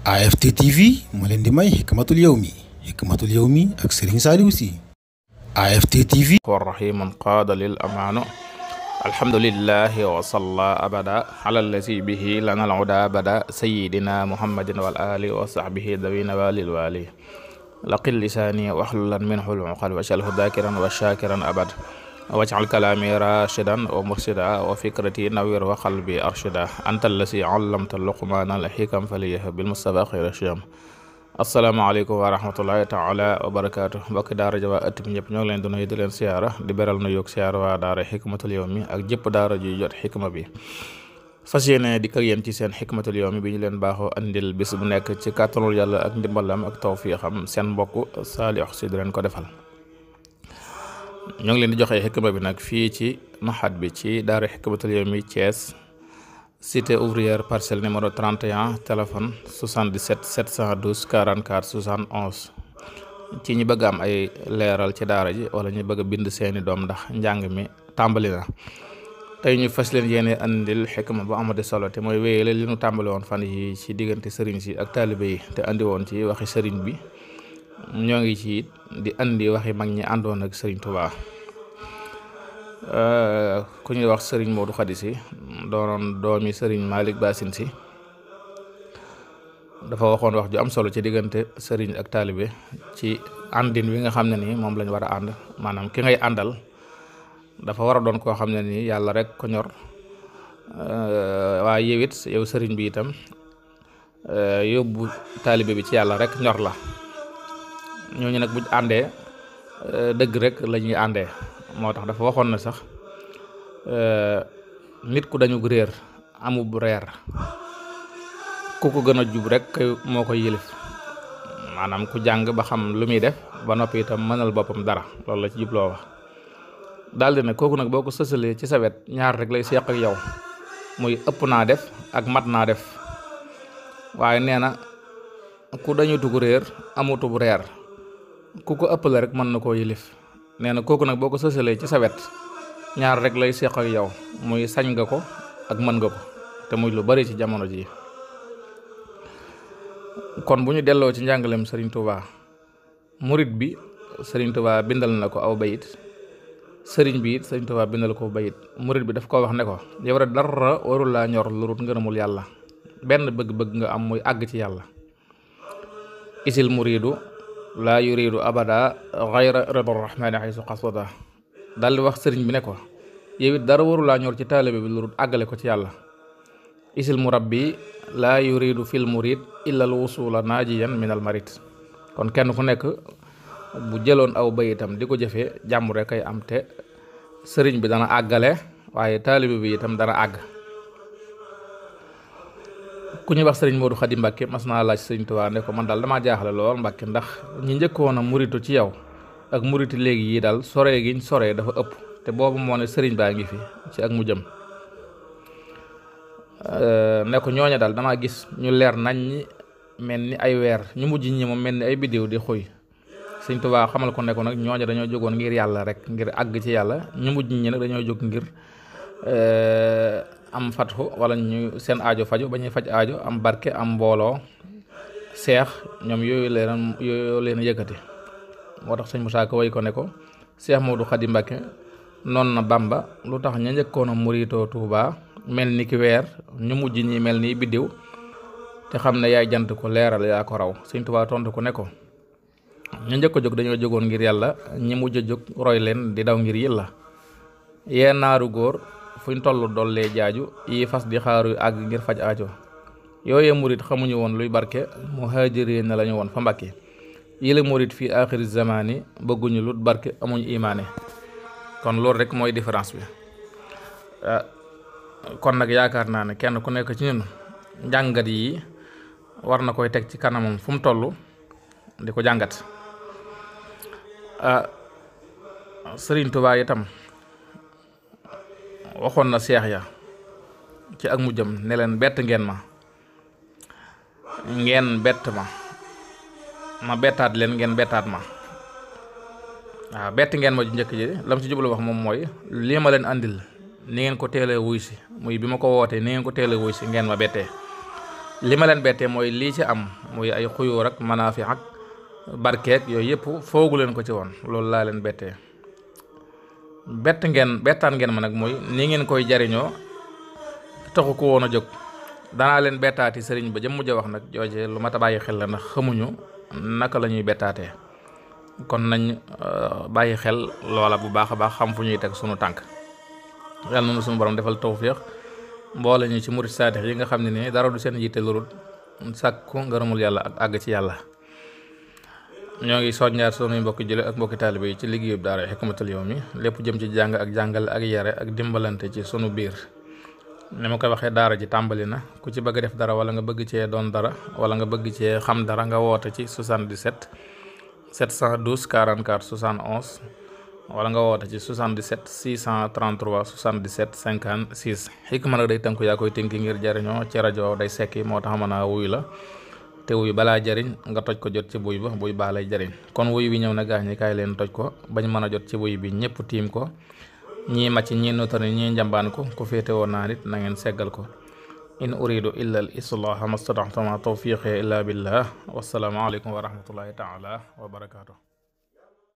AFT TV moo leen di may xikmatul yawmi xikmatul yawmi ak Serigne Saliou Sy AFT TV wa rahiman qaada lil amaanu alhamdulillahi wa salla abada ala allazi bihi lana al-huda bada sayyidina muhammadin wal ali wa sahbihi dawina walil wali laqil lisaani waxlulan minhu al-uqal wa shalhu dakiran wa shakiran abad waj'al kalaami rashidan wa murshida wa fikrati nawwir wa qalbi arshida la allasi allamta luqmaana a hikam faliyah bil mustafa xayra shiyam asalaamaaleykum wa rahmatullahi taala wa barakaatu mbokki daara jawaa ëtt bi ñëpp ñoo ngi leen di nuyu di leen siyaara di beral nu yóg siyaara waa daara xikmatul yawmi ak jëpp daara juy jot xikma bi fas yéene di kër yéen ci seen xikmatul yawmi bi ñu leen baaxoo andil bis bu nekk ci kàttanul yalla ak ndimbalam ak tawfiixam seen mbokk saalix si di leen ko defal ñoo ngi leen di joxe xikma bi nag fii ci maxat bi ci daara xikmatul yawmi Thiès cité ouvrière parcelle numéro 31 téléphone 77 712 44 71 ci ñi bëgg am ay leeral ci daara ji wala ñu bëgg a bind seeni doom ndax njàng mi tàmbali na tey ñu fas leen yéene andil xikma bu amati solo te mooy wéyale li ñu tàmbali woon fan yi ci diggante sëriñ si ak taalibe yi te indi woon ci waxi sëriñ bi ñoo ngi ci di andi waxi mag ñi àndoon ak Serigne Touba euh, ku ñuy wax Serigne Modou Khady Sy doonoon doomi Serigne Malick Bassine si dafa waxoon wax ju am solo ci diggante sëriñ ak taalibe ci àndin wi nga xam ne nii moom lañ war a ànd maanaam ki ngay àndal dafa war a doon koo xam ne nii yàlla rek ko ñor euh, waaye yow it yow bi itam euh, yóbbu taalibe bi ci yàlla rek ñor la. ñooñu nag buñ àndee euh, dëgg rek la ñuy àndee moo tax dafa waxoon na sax euh, nit ku dañu réer amub reer ku ko gën a jub rek moo koy yilif maanaam ku jàng ba xam lu muy def ba noppi mënal boppam dara loolu la ci jubloo wax daldi ne kooku nag boo ko sësalee ci sa ñaar rek lay seq ak yow muy ëpp naa def ak mat naa def waaye nee na ku dañu tug réer amutub reer ku ko ëppale rek mën na koo yilif nee na kooku nag boo ko sësalee ci sa wet ñaar rek lay seq ak yow muy sañ nga ko ak mën nga ko te muy lu bari ci jamono ji kon bu ñu delloo ci njàngaleem Serigne Touba murit bi sëriñ Touba bindal na ko aw bayit sëriñ bi it Serigne Touba bindal ko bayit murit bi daf koo wax ne ko yow rek dara warul laa ñor lu rut ngërëmul yàlla benn bëgg-bëgg nga am muy àgg ci yàlla isil muridu laa yuridu abada xayra rida rahmani xaysu xaswada daal di wax sëriñ bi ne ko yow dara waru laa ñor ci taalibe bi lu àggale ko ci yàlla isil murabbi laa yuridu fil murid illa al wusula naajiyan min al marid kon kenn ku nekk bu jëloon aw bayitam di ko jëfee jàmm rek ay am te sëriñ bi dana àggale waaye taalibe bi itam dana àgg ku ñuy wax sëriñ Modou Khady Mbacke mas naa laaj sëriñ Tuubaa ne ko man daal damaa jaaxle lool Mbacke ndax ñi njëkkoon a muritu ci yow ak muriti léegi yi daal sore giñ sore dafa ëpp te boobu moo ne sëriñ baa ngi fi ci ak mu jëm euh, ne ko daal damaa gis ñu leer nañ ñi mel ni ay weer ñu mujj ñi mel ni ay biddiw di xuy sëriñ Tuubaa xamal ko ne nag ñooña dañoo jógoon ngir yàlla rek ngir àgg ci yàlla ñu mujj ñi nag dañoo jóg ngir euh, am fatxu wala ñu seen aajo faju ba ñuy faj aajo am barke am mbooloo seex ñoom yooyu leen yooyu leen yëkkati moo tax sëñ Moussa Ka way ko ne ko seex Moodu Xadi Mbàkke noonu na Bàmba lu tax ña njëkkoon a muritoo tuubaa mel ni ki weer ñu mujj ñi mel nii biddiw te xam ne yaay jant ko leeral yaa ko raw sëñ Tuuba tontu ko ne ko ñu njëkk a jóg dañoo jógoon ngir yàlla ñi mujj a jóg roy leen di daw ngir yàlla yee naaru góor fu ñu toll dollee jaaju yi fas di xaaru àgg ngir faj ajo yooye murit xamuñu woon luy barke muhaajiriin na lañu woon fa mbàkke yi la murit fii aaxiri zamaani bëgguñu lu barke amuñu imaane kon loolu rek mooy différence bi ah, kon nag yaakaar naa ne kenn ku nekk ci ñun jàngat yi war na koy teg ci kanamam fu mu toll di ko jàngat ah, Sëriñ Tuubaa itam waxoon na seex ya ci ak mu jëm ne leen bett ngeen ma ngeen bett ma ma bettaat leen ngeen bettaat ma waaw bett ngeen ma ju njëkk ji la mu jublu wax moom mooy lii ma leen andil ni ngeen ko teele wuy si muy bi ma ko wootee ni ngeen ko teele wuy si ngeen ma bettee li ma leen bettee mooy lii ci am muy ay xuyóor ak fi ak barkeek yooyu yëpp foogu leen ko ci woon loolu laa leen bettee bett ngeen bettaan ngeen ma nag mooy nii ngeen koy jariñoo taxu ko woon a jóg danaa leen bettaati sëriñ ba jëmm ja wax nag jooje lu mat a bàyyi xel la ndax xamuñu naka la ñuy bettaatee kon nañ euh, bàyyi xel loola bu baax a baax xam fu ñuy teg sunu tànk yàlla noonu sunu borom defal tawféex mboole ñu ci murit saadix yi nga xam ne nii dara du seen yitte lurut sàkku ngërëmul yàlla ak àgg ci yàlla ñoo ngi soññaar sunuy mbokki jële ak mbokki taalibe yi ci liggéeyub daara Hikmatul Yawmi lépp jëm ci jàng ak jàngal ak yare ak dimbalante ci sunu biir ni ma koy waxee daara ji tàmbali na ku ci bëgg def dara wala nga bëgg cee doon dara wala nga bëgg cee xam dara nga woote ci 77 712 44 71 wala nga woote ci 77 633 77 56 xikma nag day tënku yaa koy tënki ngir jariñoo ci rajo day sekki moo tax mën a wuy la te wuy balaa jariñ nga toj ko jot ci buy ba buy baa lay jariñ kon wuy wi ñëw na gaañ ñi leen toj ko bañ mën a jot ci wuy bi ñëpp tiim ko ñii màcc ñii notari ñii njambaan ko ku féete woon naa nit na seggal ko in uridu illa al islaha mastata'tu ma tawfiqi illa billah wassalaamu aleykum wa rahmatullahi taala wa barakatuh